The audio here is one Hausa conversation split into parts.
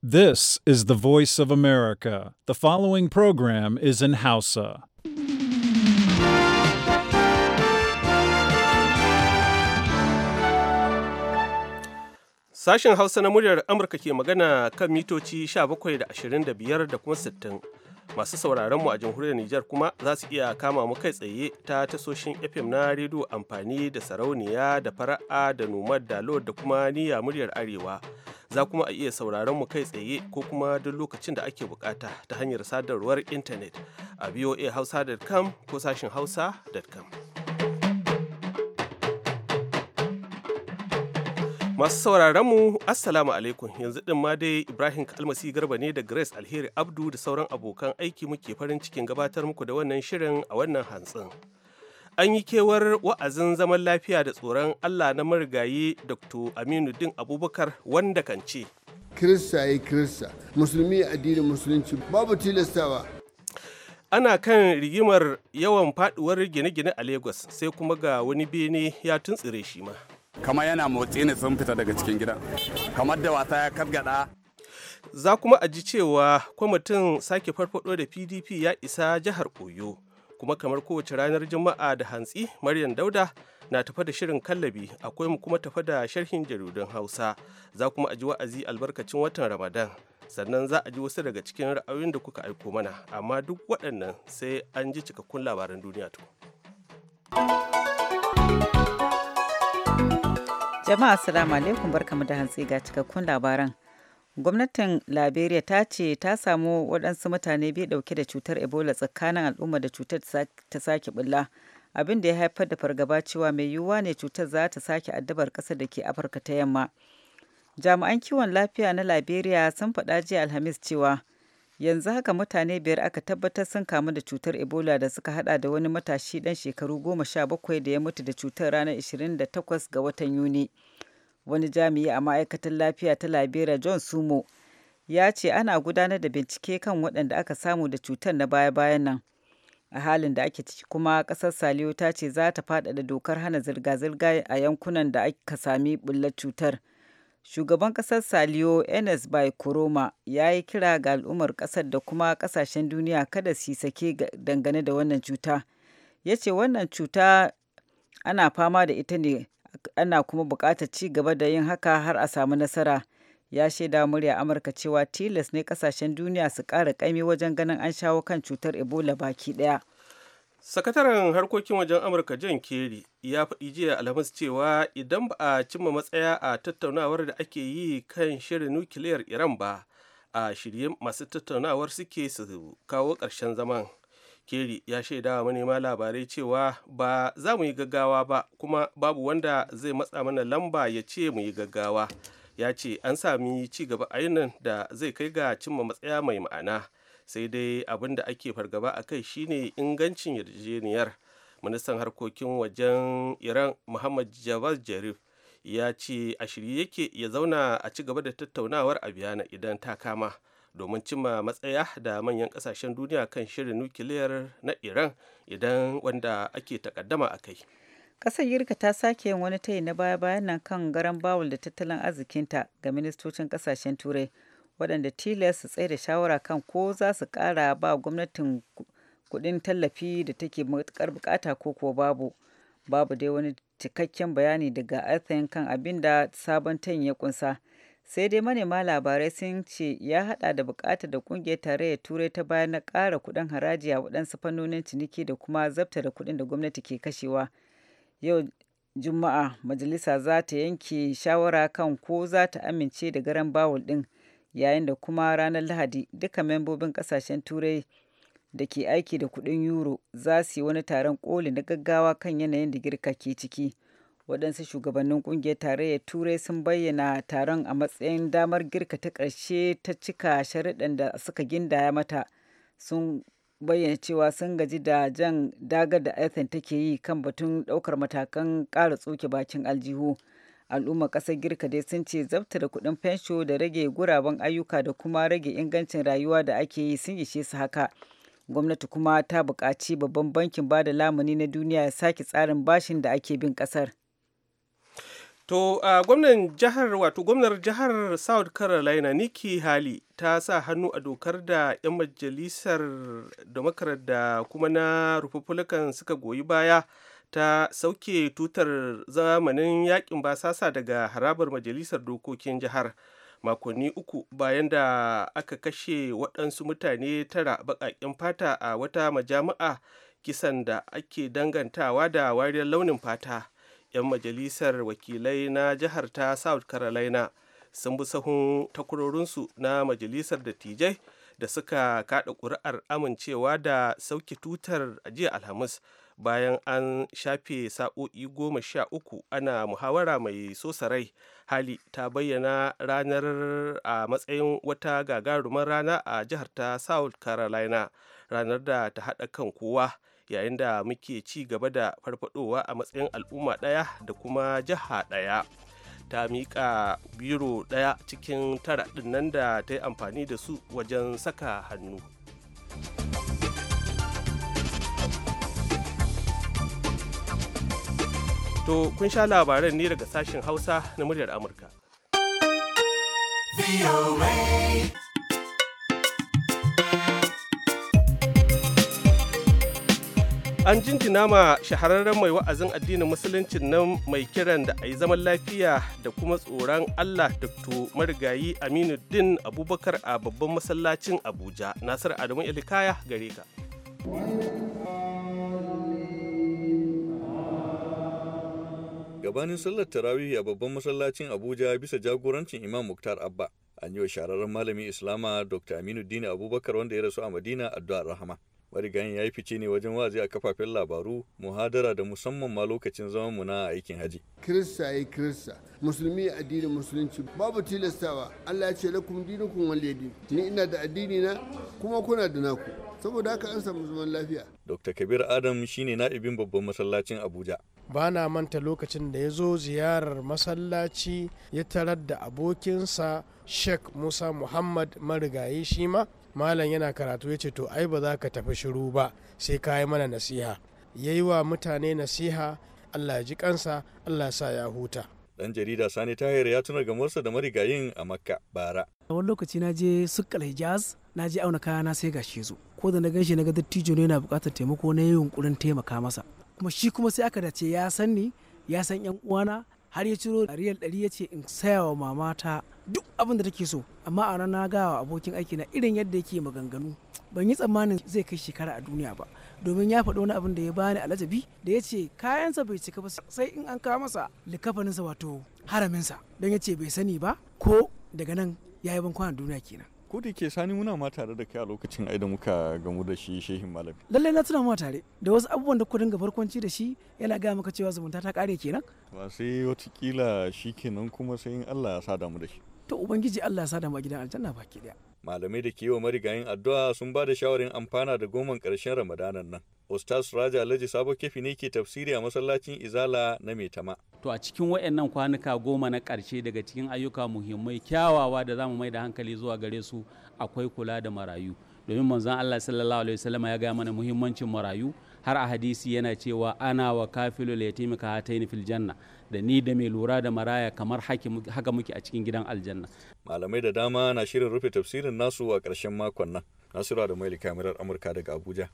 This is the voice of America. The following program is in Hausa. Sashen Hausa na muryar Amurka ke magana kan mitoci 17 da 25 da kuma 60. masu sauraron mu a jamhuriyar Nijar kuma za su iya kama mu kai tsaye ta tasoshin FM na rediyo amfani da sarauniya da fara'a da da dalo da kuma niyya muryar arewa. Za kuma a iya sauraron mu kai tsaye ko kuma duk lokacin da ake bukata ta hanyar sadarwar intanet a voahausa.com ko sashin hausa.com. Masu sauraron mu Assalamu alaikum yanzu ɗin ma dai Ibrahim Kalmasi Garba ne da Grace Alheri Abdu da sauran abokan aiki muke farin cikin gabatar muku da wannan shirin a wannan hantsin. An yi kewar wa'azin zaman lafiya da tsoron Allah na marigayi Dr. Aminu Din Abubakar wanda kan ce. Kirista ya Kirista, Musulmi addinin Musulunci babu tilastawa. Ana kan rigimar yawan faɗuwar gine-gine a Lagos sai kuma ga wani bene ya tuntsire shi ma. kamar yana motsi ne sun fita daga cikin gidan kamar da wasa ya kargada za kuma a ji cewa kwamitin sake farfado da pdp ya isa jihar oyo kuma kamar kowace ranar juma'a da hantsi maryam dauda na tafa da shirin kallabi akwai mu kuma tafa da sharhin jaridun hausa za kuma a ji wa'azi albarkacin watan ramadan sannan za a ji wasu daga cikin ra'ayoyin da kuka aiko mana amma duk waɗannan sai an ji cikakkun labaran duniya to. Jama'a salamu alaikum barkamu da hantsi ga cikakkun labaran. Gwamnatin Liberia ta ce ta samu waɗansu mutane biyu ɗauke da cutar Ebola tsakanin al'umma da cutar ta sake bulla. Abin da ya haifar da fargaba cewa mai yiwuwa ne cutar za ta sake addabar ƙasar da ke Afirka ta yamma. Jami'an kiwon lafiya na Liberia sun faɗa jiya Alhamis cewa yanzu haka mutane biyar aka tabbatar sun kamu da cutar ebola da suka hada da wani matashi dan shekaru goma sha bakwai da ya mutu da cutar ranar da 28 ga watan yuni wani jami'i a ma'aikatar lafiya ta liberia john sumo ya ce ana gudanar da bincike kan waɗanda aka samu da cutar na baya-bayan nan a halin da ake ciki kuma ƙasar saliyo ta ce za ta faɗaɗa dokar hana zirga-zirga a yankunan da aka sami bullar cutar. shugaban kasar saliyo enes bai kuroma ya yi kira ga al'ummar kasar da kuma kasashen duniya kada su sake dangane da wannan cuta ya ce wannan cuta ana fama da ita ne ana kuma buƙatar ci gaba da yin haka har a samu nasara ya shaida murya amurka cewa tilas ne kasashen duniya su ƙara ƙaimi wajen ganin an shawo kan cutar ebola baki ɗaya. sakataren harkokin wajen amurka john kerry ya faɗi jiya alhamis cewa idan ba a cimma matsaya a tattaunawar da ake yi kan shirin nukiliyar iran ba a shirye masu tattaunawar suke su kawo ƙarshen zaman kerry ya shaida wa manema labarai cewa ba za mu yi gaggawa ba kuma babu wanda zai matsa mana lamba ya ce mu yi gaggawa ya ce an sami ci gaba a da zai kai ga cimma matsaya mai ma'ana sai dai abin da ake fargaba a kai shine ingancin yarjejeniyar ministan harkokin wajen iran muhammad javad jarif ya ce a shirye yake ya zauna a ci gaba da tattaunawar a biyana idan ta kama domin cimma matsaya da manyan kasashen duniya kan shirin nukiliyar na iran idan wanda ake takaddama a kai kasar girka ta sake yin wani tayi na baya-bayan nan kan garan bawul da tattalin arzikinta ga ministocin kasashen turai waɗanda tilas su tsaye da shawara kan ko za su ƙara ba gwamnatin kuɗin tallafi da take matuƙar buƙata ko kuwa babu babu dai wani cikakken bayani daga arthur kan abin da sabon tayin ya kunsa sai dai manema labarai sun ce ya hada da bukatar da kungiyar tarayyar turai ta bayan na ƙara kuɗin haraji a waɗansu fannonin ciniki da kuma zabta da kuɗin da gwamnati ke kashewa yau juma'a majalisa za ta yanke shawara kan ko za ta amince da garan bawul ɗin yayin da kuma ranar Lahadi duka membobin kasashen Turai da ke aiki da kudin Euro za su yi wani taron koli na gaggawa kan yanayin da Girka ke ciki. Waɗansu shugabannin ƙungiyar tarayyar Turai sun bayyana taron a matsayin damar Girka ta ƙarshe ta cika sharaɗin da suka gindaya mata. Sun bayyana cewa sun gaji da jan dagar da Athens take yi kan batun ɗaukar matakan ƙara tsoke bakin aljihu. al'ummar ƙasar girka dai sun ce zabta da kuɗin fensho da rage guraben ayyuka da kuma rage ingancin rayuwa da ake yi sun ishe su haka gwamnati kuma ta buƙaci babban bankin ba da lamuni na duniya ya sake tsarin bashin da ake bin ƙasar to gwamnan jihar wato gwamnar jihar south carolina nikki hali ta sa hannu a dokar da 'yan majalisar da da kuma na republican suka goyi baya ta sauke tutar zamanin yakin basasa daga harabar majalisar dokokin jihar makonni uku bayan da aka kashe waɗansu mutane tara baƙaƙen fata a wata majami'a kisan da ake dangantawa da wariyar launin fata 'yan majalisar wakilai na jihar ta south carolina sun bi sahun takurorinsu na majalisar dattijai da suka kaɗa ƙuri'ar amincewa da sauke tutar a jiya alhamis bayan an shafe sa'o'i goma sha uku ana muhawara mai sosarai hali ta bayyana ranar a matsayin wata gagarumar rana a jihar ta south carolina ranar da ta haɗa kan kowa yayin da muke ci gaba da farfadowa a matsayin al'umma ɗaya da kuma jiha ɗaya ta miƙa biro ɗaya cikin tara ɗin da ta yi amfani da su wajen saka hannu. To kun sha labaran ne daga sashen Hausa na muryar Amurka. An jinjina ma shahararren mai wa'azin addinin musuluncin nan mai kiran da a yi zaman lafiya da kuma tsoron Allah Dr. Marigayi Aminu Din Abubakar a babban masallacin Abuja. Nasir Adamu Ilikaya gare ka. gabanin sallar tarawih a babban masallacin abuja bisa jagorancin imam muktar abba an yi wa shahararren malamin islama dr aminu dini abubakar wanda ya rasu a madina addu'ar rahama marigayin ya yi fice ne wajen wazi a kafafen labaru muhadara da musamman ma lokacin zaman mu na aikin haji kirista ya yi kirista musulmi addinin musulunci babu tilastawa allah ya ce lakum dinukum wal yadin ni ina da addini na kuma kuna da naku saboda haka an samu zaman lafiya dr kabir adam shine na'ibin babban masallacin abuja ba na manta lokacin da ya zo ziyarar masallaci ya tarar da abokinsa sheikh musa muhammad marigayi shi ma malam yana karatu ya ce to ai ba za ka tafi shiru ba sai ka yi mana nasiha ya yi wa mutane nasiha allah ya ji kansa allah sa ya huta dan jarida sani tahir ya tuna gamarsa da marigayin a makka bara wani lokaci na je sukkal hijaz na je auna kaya na sai gashi zo ko da na ganshi na ga dattijo ne yana bukatar taimako na yi yunkurin taimaka masa kuma shi kuma sai aka dace ya san ni ya san yan uwana har ya ciro riyal ɗari ya ce in saya wa mamata duk abin da take so amma a rana gawa abokin aiki na irin yadda yake maganganu ban yi tsammanin zai kai shekara a duniya ba domin ya faɗi wani abin da ya bani alajabi da ya ce kayansa bai cika ba sai in an kawo masa likafaninsa wato haraminsa don ya ce bai sani ba ko daga nan ya yi ban kwana duniya kenan ko ke sani muna ma tare da kai a lokacin ai da muka gamu da shi shehin malami lallai na tuna ma tare da wasu abubuwan da ku dinga farkonci da shi yana gaya maka cewa zumunta ta kare kenan ba sai watakila shi kenan kuma sai in Allah ya sa damu da shi to ubangiji Allah ya sa damu a gidan aljanna baki daya malamai da ke wa marigayin addu'a sun ba da shawarin amfana da goman ƙarshen ramadanan nan Ustaz Raja Alhaji Sabo Kefi ne ke tafsiri a masallacin Izala na Maitama. To a cikin wayannan kwanuka goma na ƙarshe daga cikin ayyuka muhimmai kyawawa da zamu mai da hankali zuwa gare su akwai kula da marayu. Domin manzon Allah sallallahu alaihi wasallam ya ga mana muhimmancin marayu har a hadisi yana cewa ana wa kafilu ya ka hatayni fil janna. da ni da mai lura da maraya kamar haka muke a cikin gidan aljanna malamai da dama na shirin rufe tafsirin nasu a ƙarshen makon nan nasiru da mai kamarar amurka daga abuja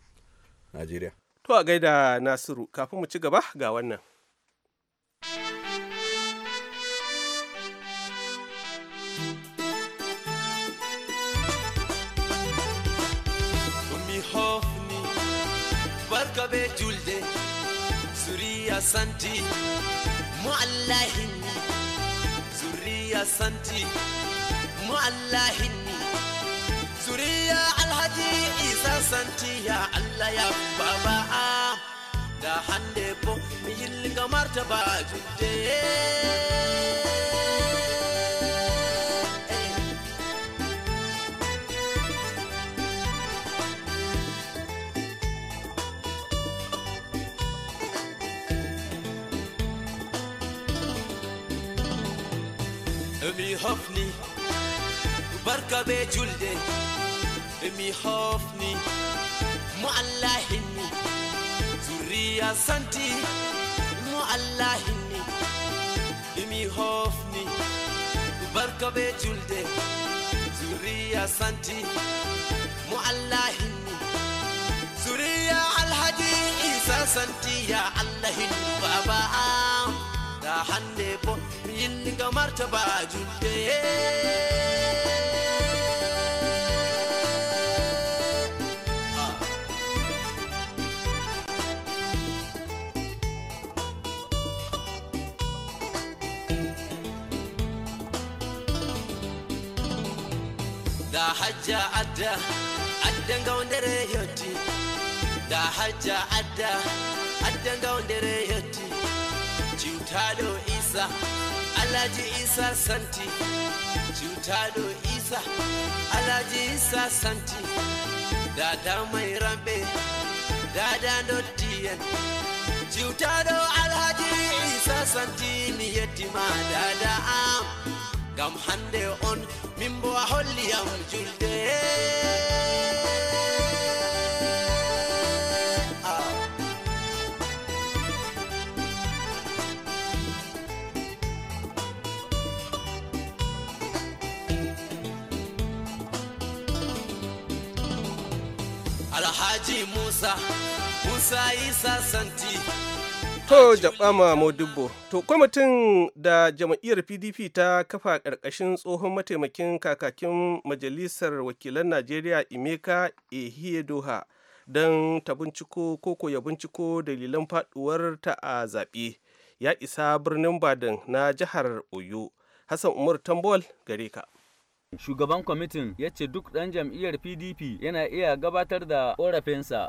najeriya to a gaida nasiru kafin mu ci gaba ga wannan بركب mu'allahin zuriya santi mu'allahin zuriya alhaji isa santi ya allah ya baba ah. da hande bo mi yilga martaba judde hoofni barka bee julde emi hoofni mo allah hinni zurriya santi mo allah hinni emi hoofni barka bee julde Zuriya santi mo allah hinni zurriya alhaji isa santi ya allah hinni baba da hande bo kin ga martaba jude ah. da hajja adda addan ga wandere yotti da hajja adda addan ga wandere yotti ciutalo isa Alaji isa santi cutado isa Alaji isa santi dada mai rambe dada no dottiyen cutado Alaji isa santi mi yettima dada am gam hande on min bo a holliyam julde alhaji musa musa isa santi To jaɓama modubbo to kwamitin da jam'iyyar PDP ta kafa ƙarƙashin tsohon mataimakin kakakin Majalisar Wakilan Najeriya Emeka Ehiye Doha don ta binciko koko ya binciko dalilan faduwar ta a zaɓe ya isa birnin Badan na jihar Oyo. Hassan Umar Tambol gare ka. Shugaban kwamitin ya ce duk ɗan jam'iyyar PDP yana iya gabatar da ƙorafinsa.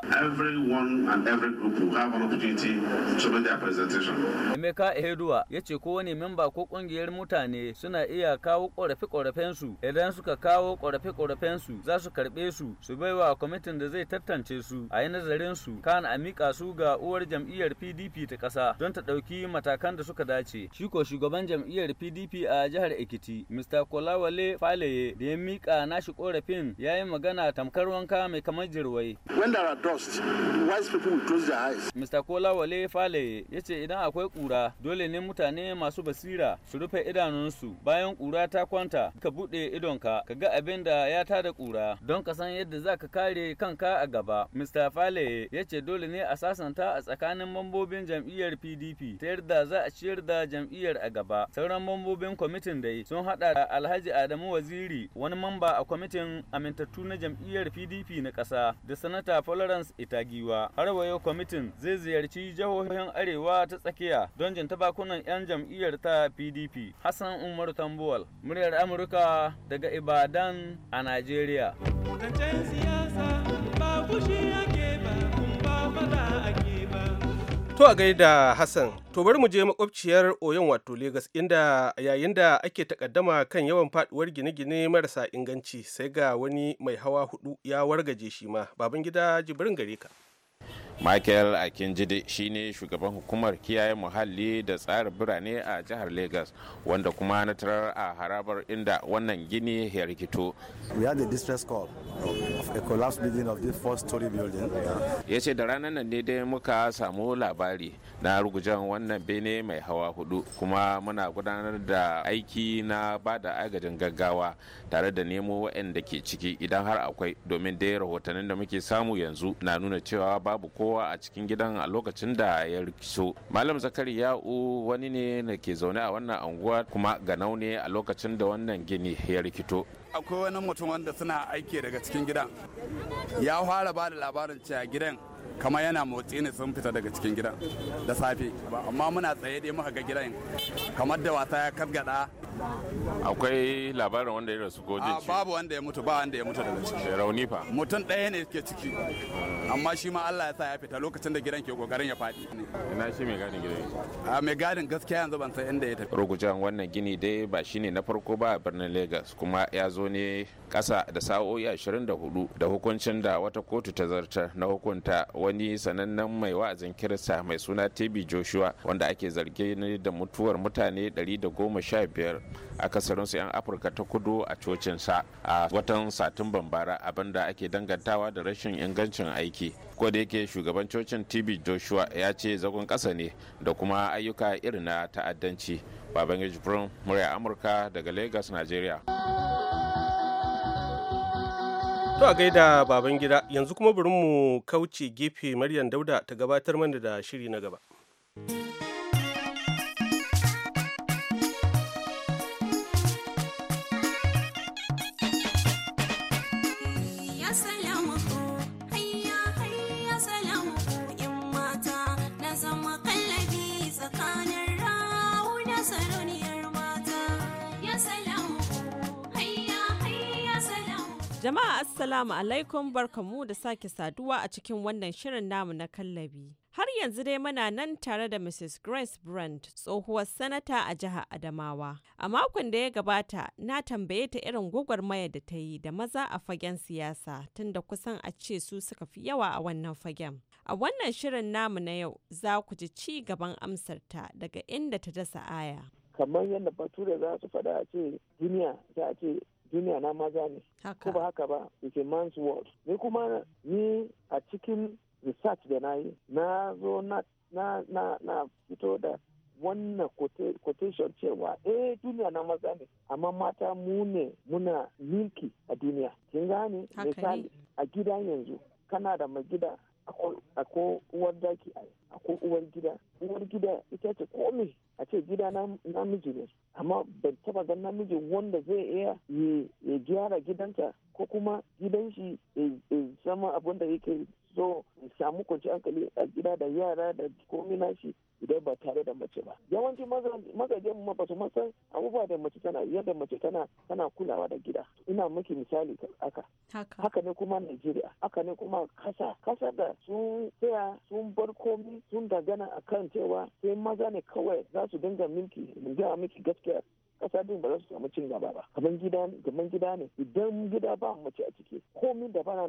Emeka Ehedua ya ce kowane memba ko ƙungiyar mutane suna iya kawo ƙorafe-ƙorafensu idan suka kawo ƙorafe-ƙorafensu za su karɓe su su baiwa kwamitin da zai tantance su a yi nazarin su kan a miƙa su ga uwar jam'iyyar PDP ta ƙasa don ta ɗauki matakan da suka dace. Shi ko shugaban jam'iyyar PDP a jihar Ekiti, Mr. Kolawale Fale Okoye da ya mika nashi korafin ya yi magana tamkar wanka mai kamar jirwai. When there are dust, wise people will close their eyes. Kolawale Fale ya ce idan akwai ƙura dole ne mutane masu basira su rufe idanunsu bayan ƙura ta kwanta ka buɗe idonka ka ga abin da ya tada ƙura don ka san yadda za ka kare kanka a gaba. Mr. Fale ya ce dole ne a sasanta a tsakanin mambobin jam'iyyar PDP ta yadda za a ciyar da jam'iyyar a gaba. Sauran mambobin kwamitin dai sun haɗa da Alhaji Adamu Waziri Waziri wani mamba a kwamitin amintattu na jam'iyyar PDP na ƙasa da sanata Florence Itagiwa. Har wayo kwamitin zai ziyarci jihohin Arewa ta tsakiya don jin tabakunan 'yan jam'iyyar ta PDP. Hassan Umaru Tambuwal, muryar Amurka daga Ibadan a Najeriya. siyasa ba ba, ake. To a gaida Hassan, to bari mu je makwabciyar Oyon wato Legas inda yayin da ake takaddama kan yawan faduwar gine-gine marasa inganci sai ga wani mai hawa hudu ya wargaje shi ma. Babangida jibirin gare ka. michael akinjide shine shugaban hukumar kiyaye muhalli da tsarin birane a jihar lagos wanda kuma na tarar a harabar inda wannan gini ya rikito ya ce da ranar nan ne dai muka samu labari na rugujen wannan bene mai hawa hudu kuma muna gudanar da aiki na bada agajin gaggawa tare da nemo waɗanda ke ciki idan har akwai domin dai rahotannin da muke samu yanzu na nuna cewa babu ko kowa a cikin gidan a lokacin da ya rikiso malam zakari ya'u wani ne da ke zaune a wannan anguwa kuma ganau ne a lokacin da wannan gini ya rikito akwai wani mutum wanda suna aiki daga cikin gidan ya fara ba da labarin cewa gidan kamar yana motsi ne sun fita daga cikin gidan da safe amma muna tsaye dai muka ga gidan kamar da wasa ya kasgada akwai labarin wanda ya rasu gojin ciki babu wanda ya mutu ba wanda ya mutu daga ciki rauni fa mutum ɗaya ne ke ciki amma shi ma Allah ya sa ya fita lokacin da gidan ke kokarin ya faɗi ina shi mai gadin gidan a mai gadin gaskiya yanzu ban san inda ya tafi rugujan wannan gini dai ba shine na farko ba a birnin Lagos kuma ya zo ne kasa da sa'o'i 24 da hukuncin da wata kotu ta zartar na hukunta wani sanannen mai wa'azin kirista mai suna TB joshua wanda ake zarge ne da mutuwar mutane da goma sha biyar a kasarinsu 'yan afirka ta kudu a cocinsa a watan satumban bara abinda ake dangantawa da rashin ingancin aiki ko da yake shugaban cocin tb joshua ya ce zagon kasa ne da kuma ayyuka irin na ta'addanci Baban brown murya amurka daga lagos nigeria To a gaida babangida yanzu kuma bari mu kauce gefe Maryam Dauda ta gabatar mana da shiri na gaba. Jama'a Assalamu alaikum barkamu da sake saduwa a cikin wannan shirin namu na kallabi. Har yanzu dai muna nan tare da Mrs. Grace Brand tsohuwar sanata a jihar Adamawa. A makon da ya gabata na tambaye ta irin gwagwarmaya da ta yi da maza a fagen siyasa tunda kusan a ce su suka fi yawa a wannan fagen. A wannan shirin namu na yau za ku ji ci gaban amsarta daga inda ta dasa aya. Kamar yadda bature za su faɗa a ce duniya ta ce duniya na maza ne ko ba haka ba it's a man's world ni kuma ni a cikin research da na yi na zo na na na fito da wannan quotation cewa eh duniya na maza ne amma mata mu ne muna milki a duniya kin gane misali a gida yanzu kana da mai ako uwar daki a ko uwar gida uwar gida ita ce komai a ce gida namiji ne amma ban taba ga namiji wanda zai iya ya gyara gidanta ko kuma gidan shi zama abin da yake so samu kwanci hankali a gida da yara da komai nashi idan ba tare da mace ba yawancin mazajen mu ba su san abubuwa da mace tana yadda mace tana tana kulawa da gida ina miki misali aka haka ne kuma Najeriya haka ne kuma kasa kasa da sun tsaya sun bar komi sun dagana akan cewa sai maza ne kawai za su dinga milki mu miki gaskiya kasa din ba za su samu cin gaba ba kamar gida ne kamar gida ne idan gida ba mace a ciki komai da bana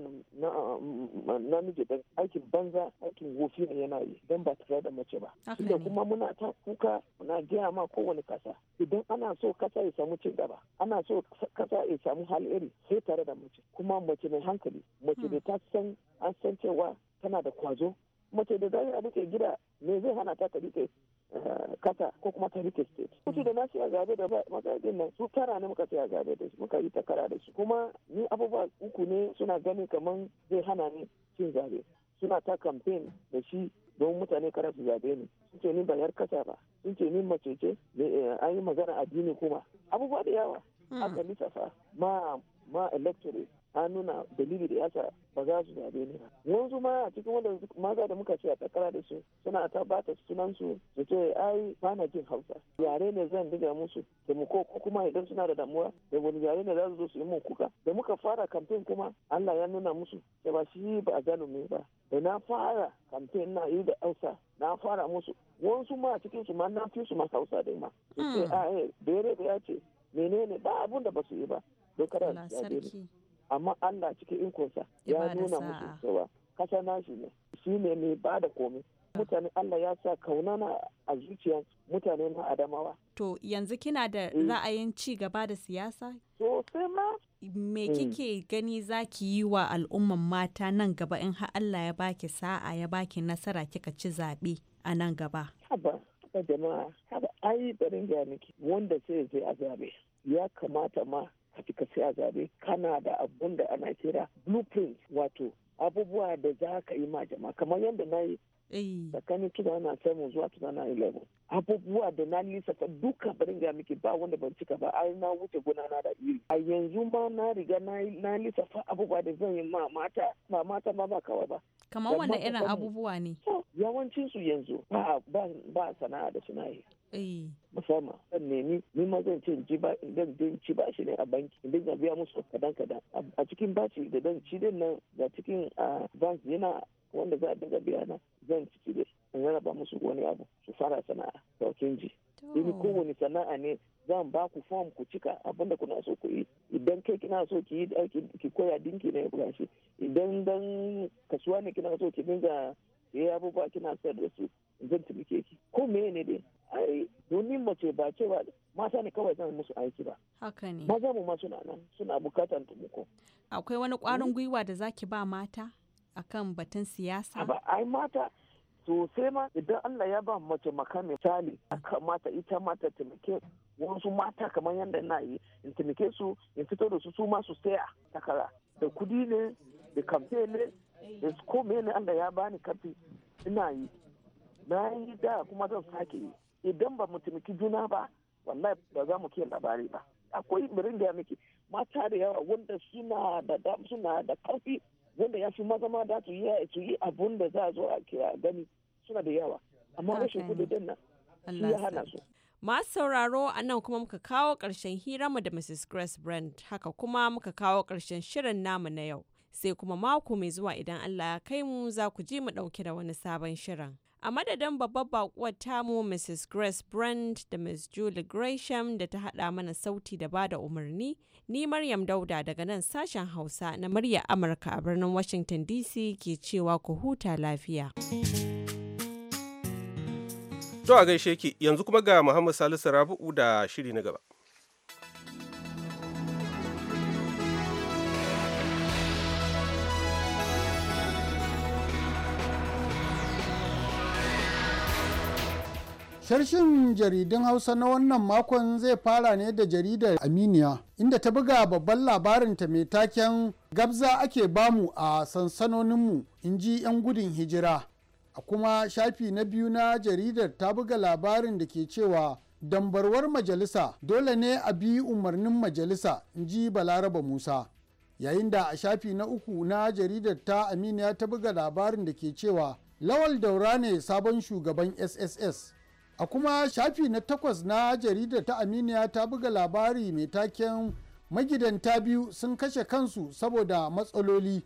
na miji dan aikin banza aikin gofi ne yana yi dan ba tare da mace ba tunda kuma muna ta kuka muna gaya ma kowane kasa idan ana so kasa ya samu cin gaba ana so kasa ya samu haliri sai tare da mace kuma mace mai hankali mace hmm. da ta san an san cewa tana da kwazo mace da zai a gida me zai hana ta ta kasa ko kuma ta rike state. Kuci da na ce a zabe da matsayin nan su tara ne muka ce a zabe da su muka yi takara da su kuma ni abubuwa uku ne suna gani kamar zai hana ni cin zabe. Suna ta kamfen da shi don mutane kara su zabe ni. Sun ce ni bayar kasa ba. Sun ce ni mace ce eh, an yi magana addini kuma. Abubuwa da yawa. Hmm. Aka lissafa ma ma electorate an nuna dalili da yasa ba za su zabe ni ba yanzu ma a cikin wanda maza da muka ce a takara da su suna ta bata sunan su su ce ai ba na jin hausa yare ne zan diga musu da taimako ko kuma idan suna da damuwa da wani yare ne za su zo su yi mun kuka da muka fara kamfen kuma Allah ya nuna musu da ba shi ba a gano me ba da na fara kamfen na yi da hausa na fara musu wasu ma a cikin su ma na fi su ma hausa dai ma su ce hmm. ai bere da ya ce menene ba abun da ba su yi ba don kada amma Allah cikin inkonsa ya nuna musu cewa kasa nashi ne shi ne mai ba da komai mutane Allah ya sa kauna na a zuciya mutane na Adamawa. To yanzu kina da eh. ra'ayin ci gaba da siyasa? Sosai ma. Me hmm. kike gani zaki yi wa al'umman mata nan gaba in har Allah ya baki sa'a ya baki nasara kika ci zaɓe a nan gaba? Haba, jama'a, haba ai da ga miki wanda sai zai a zabe Ya kamata ma a cika sai a zabe kana da abun da ana kira blueprint wato abubuwa da za ka yi ma jama'a kamar yadda na yi tsakanin 2007 zuwa ilimin abubuwa da na lissafa duka barin ga miki ba wanda ban cika ba ai na wuce gona na da iri a yanzu ma na riga na lissafa abubuwa da zan yi ma mata ba mata ma ba kawai ba kamar wanda irin abubuwa ne yawancin su yanzu ba sana'a da suna yi Eh. musamman zan nemi ni ma zan ce ji ba idan din ci bashi ne a banki in dinga biya musu kadan kadan a cikin baci da dan ci din nan ga cikin bank yana wanda za a dinga biya na zan ciki da in ba musu wani abu su fara sana'a saukin ji in kowane sana'a ne zan ba ku form ku cika abinda kuna so ku yi idan kai kina so ki yi ki koya dinki ne ya idan dan kasuwa ne kina so ki dinga ya abubuwa kina sayar da su zan taimake ki ko meye ne dai ai domin mace ba ce ba mata ne kawai zan musu aiki ba haka ne maza mu ma suna nan suna bukatan taimako akwai wani kwarin hmm? gwiwa da zaki ba mata akan batun siyasa ba ai mata sosai ma idan Allah ya ba mace maka misali kamata ita mata taimake wasu mata kamar yadda na yi in taimake su in fito da su su ma su saya takara da kudi ne da kamfe ne da ko ne Allah ya bani kafi ina yi na yi da kuma zan sake yi idan ba mu taimaki juna ba wallahi ba za mu kiyan labari ba akwai birin da miki mata da yawa wanda suna da suna da karfi wanda ya fi maza ma da su yi su yi abun da za a zo a gani suna da yawa amma rashin kudin nan shi ya hana su Masu sauraro a nan kuma muka kawo ƙarshen mu da Mrs. Grace Brand haka kuma muka kawo ƙarshen shirin namu na yau. Sai kuma mako mai zuwa idan Allah ya kai mu za ku ji mu ɗauke da wani sabon shirin. a madadin babbar bakuwar tamu mrs grace brand da ms julie gresham da ta hada mana sauti da ba da umarni ni maryam dauda daga nan sashen hausa na murya amurka a birnin washington dc ke cewa ku huta lafiya to a gaishe ki yanzu kuma ga muhammad salisu rabu'u da shiri na gaba Sharshin jaridun Hausa na wannan makon zai fara ne da jaridar Aminiya, inda ta buga babban labarin ta mai taken Gabza ake bamu a sansanoninmu, in ji 'yan gudun hijira. A kuma shafi na biyu na jaridar ta buga labarin da ke cewa dambarwar majalisa dole ne a bi umarnin majalisa, in ji Balaraba Musa. Yayin da a shafi na uku na jaridar ta Aminiya ta buga labarin da ke cewa Lawal Daura ne sabon shugaban SSS. a kuma shafi na takwas na jaridar ta aminiya ta buga labari mai taken magidanta biyu sun kashe kansu saboda matsaloli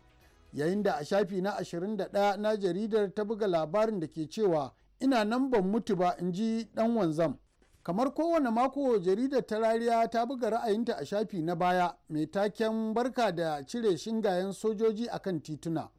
yayin da a shafi na 21 na jaridar ta buga labarin da ke cewa ina nan ban mutu ba in ji dan wanzam kamar kowane mako jaridar ta rariya ta buga ra'ayinta a shafi na baya mai taken barka da cire shingayen sojoji akan tituna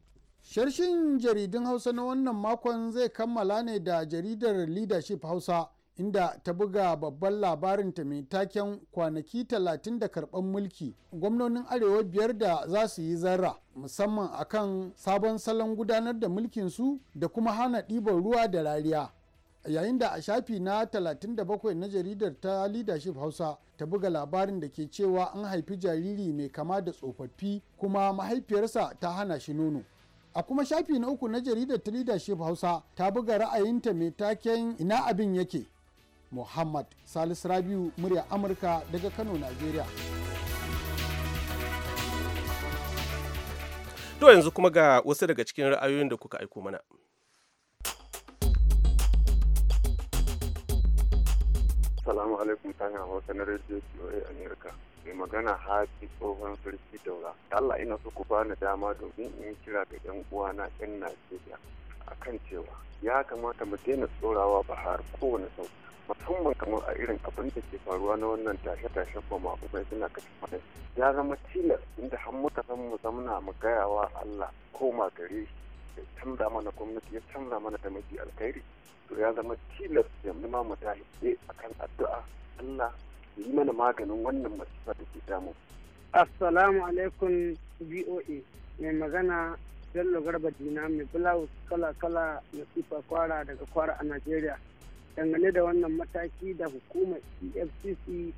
Sharshin jaridun Hausa na wannan makon zai kammala ne da jaridar Leadership Hausa inda ta buga babban labarin ta mai taken kwanaki talatin da karban mulki gwamnonin arewa biyar da za su yi zarra musamman akan sabon salon gudanar da mulkin su da kuma hana ɗiban ruwa da rariya yayin da a shafi na 37 na jaridar ta leadership hausa ta buga labarin da ke cewa an haifi jariri mai kama da tsofaffi kuma mahaifiyarsa ta hana shi nono a kuma shafi na uku na jaridar ta leadership hausa ta buga ra'ayinta mai taken ina abin yake muhammad salis rabiu murya amurka daga kano nigeria to yanzu kuma ga wasu daga cikin ra'ayoyin da kuka aiko mana Salamu alaikum tana hausa na rediyo a amurka mai magana haji tsohon sarki daura Allah ina so ku bani dama domin in kira ga yan uwana yan Najeriya akan cewa ya kamata mu daina tsorawa bahar kowane sau musamman kamar a irin abin da ke faruwa na wannan tashe-tashen bama kuma suna kashe kwanai ya zama tilas inda har muka san mu zamana mu gaya wa Allah ko ma ya canza mana gwamnati ya canza mana da mafi alkhairi to ya zama tilas yanzu ma mu tashi akan addu'a Allah yi mana maganin wannan masifar da ke damu. Assalamu alaikum VOA mai magana Bello Garba Dina mai bulawus kala-kala masifa kwara daga kwara a Najeriya. Dangane da wannan mataki da hukumar EFCC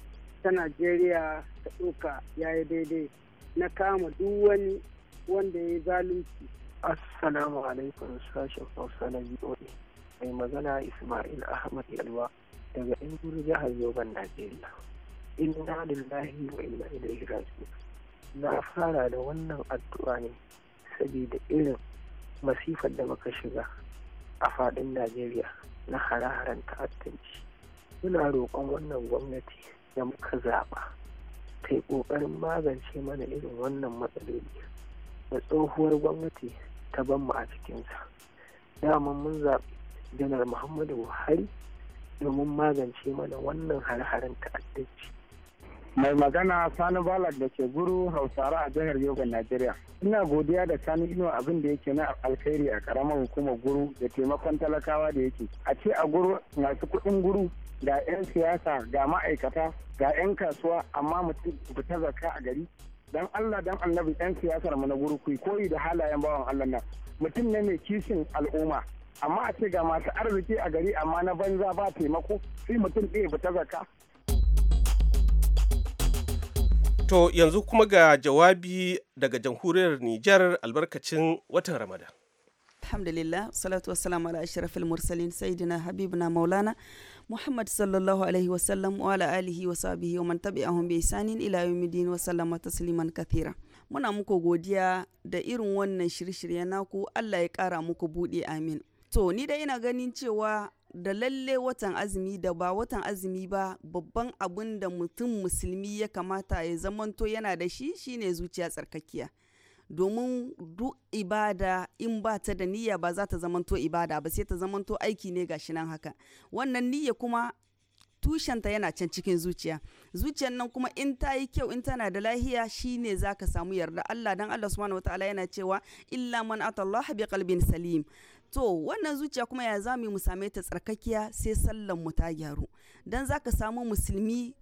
ta Najeriya ta ɗauka ya yi daidai na kama duk wani wanda ya yi zalunci. Assalamu alaikum sashen Hausa na VOA mai magana Ismail Ahmad Yalwa. daga inguru jihar yoban najeriya na lillahi wa inna ilaihi raji'un na fara da wannan addu'a ne saboda irin masifar da muka shiga a faɗin najeriya na hare-haren ta'addanci muna roƙon wannan gwamnati da muka zaɓa ta yi ƙoƙarin magance mana irin wannan matsaloli da tsohuwar gwamnati ta ban mu a cikinsa daman mun zaɓi janar muhammadu buhari domin magance mana wannan har-haren ta'addanci. mai magana sani balak da ke guru hausare a jihar yoga najeriya ina godiya da sani ino abin da yake na alkhairi a karamar hukumar guru da taimakon talakawa da yake a ce a guru masu kuɗin guru ga 'yan siyasa ga ma'aikata ga 'yan kasuwa amma mutum fita zakka a gari dan allah dan annabi 'yan siyasar mu na guru koyi da halayen bawan allah na mutum ne mai kishin al'umma amma a ce ga masu arziki a gari amma na banza ba taimako sai mutum ɗaya fita zaka To yanzu kuma ga jawabi daga jamhuriyar Nijar albarkacin watan Ramadan. Alhamdulillah, salatu wassalamu ala ashirafil mursalin sayyidina habibuna maulana Muhammad sallallahu alaihi wasallam wa ala alihi wa sahbihi wa man tabi'ahum bi ihsanin ila yawmiddin wa sallama tasliman kathira. Muna muku godiya da irin wannan shirye-shirye naku Allah ya kara muku buɗe amin. to ni dai ina ganin cewa da lalle watan azumi da ba watan azumi ba babban abin da mutum musulmi ya kamata ya zamanto yana da shi shine zuciya tsarkakiya domin duk ibada in ba ta da niyya ba za ta zamanto ibada ba sai ta zamanto aiki ne gashi nan haka wannan niyya kuma tushenta yana can cikin zuciya zuciyar nan kuma in ta yi kyau in tana da lahiya shine ka samu yarda Allah dan Allah subhanahu wataala yana cewa illa man atallaha bi kalbin salim to wannan zuciya kuma ya za mu same ta tsarkakiya sai sallan mu ta gyaru don za ka samu musulmi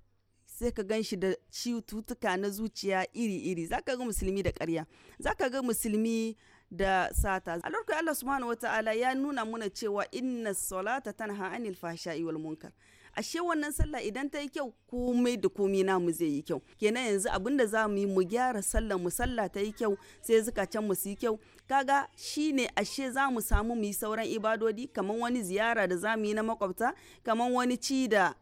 sai ka gan shi da cututtuka na zuciya iri-iri za ka ga musulmi da ƙarya ka ga musulmi da sata a lokacin Allah subhanahu wataala ya nuna muna cewa inna salata tanha anil fahsha'i wal munkar ashe wannan sallah idan ta yi kyau komai da komai mu zai yi kyau kenan yanzu abin da za mu yi mu gyara sallah mu sallah ta yi kyau sai zukacen mu su yi kyau kaga shine ashe za mu samu mu yi sauran ibadodi kamar wani ziyara da za mu yi na makwabta kamar wani ci da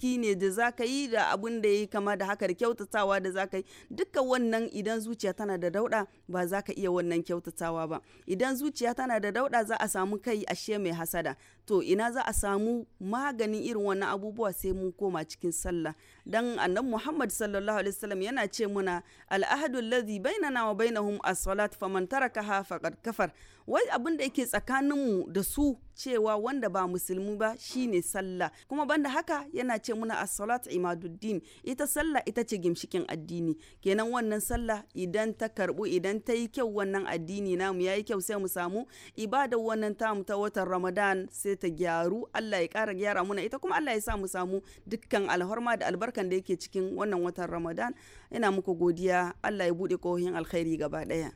ne da za ka yi da abun da ya yi kama da haka da kyautatawa da za ka yi dukkan wannan idan zuciya tana da dauɗa ba za ka iya wannan kyautatawa ba idan zuciya tana da dauɗa za a samu kai ashe mai hasada to ina za a samu maganin irin wannan abubuwa sai mun koma cikin sallah dan annabi Muhammad sallallahu alaihi wasallam yana ce muna al'ahadu allazi bainana wa bainahum as-salat faman ha faqad kafar wai abin da yake tsakaninmu da su cewa wanda ba musulmi ba shine sallah kuma banda haka yana ce muna as-salat imaduddin ita sallah ita ce gimshikin addini kenan wannan sallah idan ta karbu idan ta yi kyau wannan addini namu yayi kyau sai mu samu ibadar wannan tamu ta watan Ramadan sai ta gyaru Allah ya kara gyara muna ita kuma Allah ya sa mu samu dukkan alhorma da albarkan da yake cikin wannan watan Ramadan ina muku godiya Allah ya bude kohin alkhairi gaba daya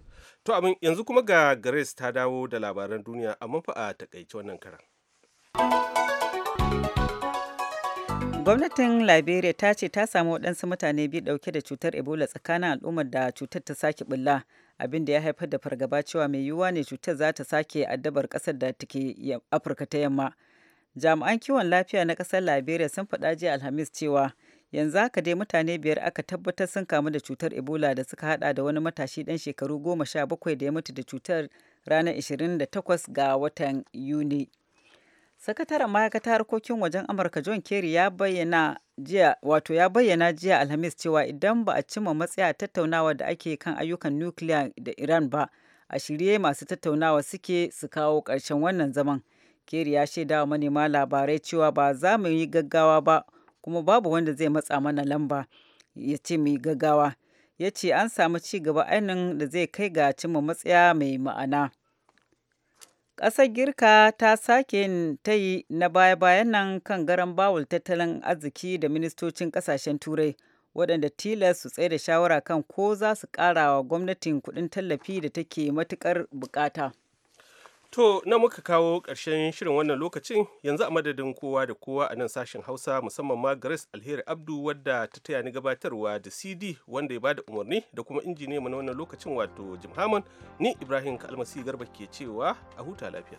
To abin yanzu kuma ga Grace ta dawo da labaran duniya a fa a takaice wannan karan. Gwamnatin Liberia ta ce ta samu waɗansu mutane biyu ɗauke da cutar Ebola tsakanin al'ummar da cutar ta sake bulla abin da ya haifar da fargaba cewa mai yiwuwa ne cutar za ta sake addabar ƙasar da take Afirka ta yamma. Jami'an kiwon lafiya na ƙasar Liberia sun faɗa jiya Alhamis cewa yanzu haka dai mutane biyar aka tabbatar sun kamu da cutar ebola da suka hada da wani matashi dan shekaru goma sha bakwai da ya mutu da cutar ranar 28 ga watan yuni sakataren ma'aikatar harkokin wajen amurka john kerry ya bayyana jiya wato ya bayyana jiya alhamis cewa idan ba a cimma matsaya tattaunawa da ake kan ayyukan nukiliya da iran ba a shirye masu tattaunawa suke su kawo karshen wannan zaman kerry ya shaida wa manema labarai cewa ba za mu yi gaggawa ba kuma babu wanda zai matsa mana lamba ya ce mai gaggawa ya ce an samu ci gaba ainihin da zai kai ga cimma matsaya mai ma'ana ƙasar girka ta sake yin yi na baya-bayan nan kan garan bawul tattalin arziki da ministocin ƙasashen turai waɗanda tilas su tsaye da shawara kan ko za su ƙara wa gwamnatin kuɗin tallafi da take matuƙar buƙata. To, na muka kawo ƙarshen shirin wannan lokacin yanzu a madadin kowa da kowa a nan sashen Hausa musamman ma Grace Alheri Abdu wadda ta taya ni gabatarwa da CD wanda ya bada umarni da kuma injiniya mu wannan lokacin wato Jim Hammond ni Ibrahim Kalmasi Garba ke cewa a huta lafiya.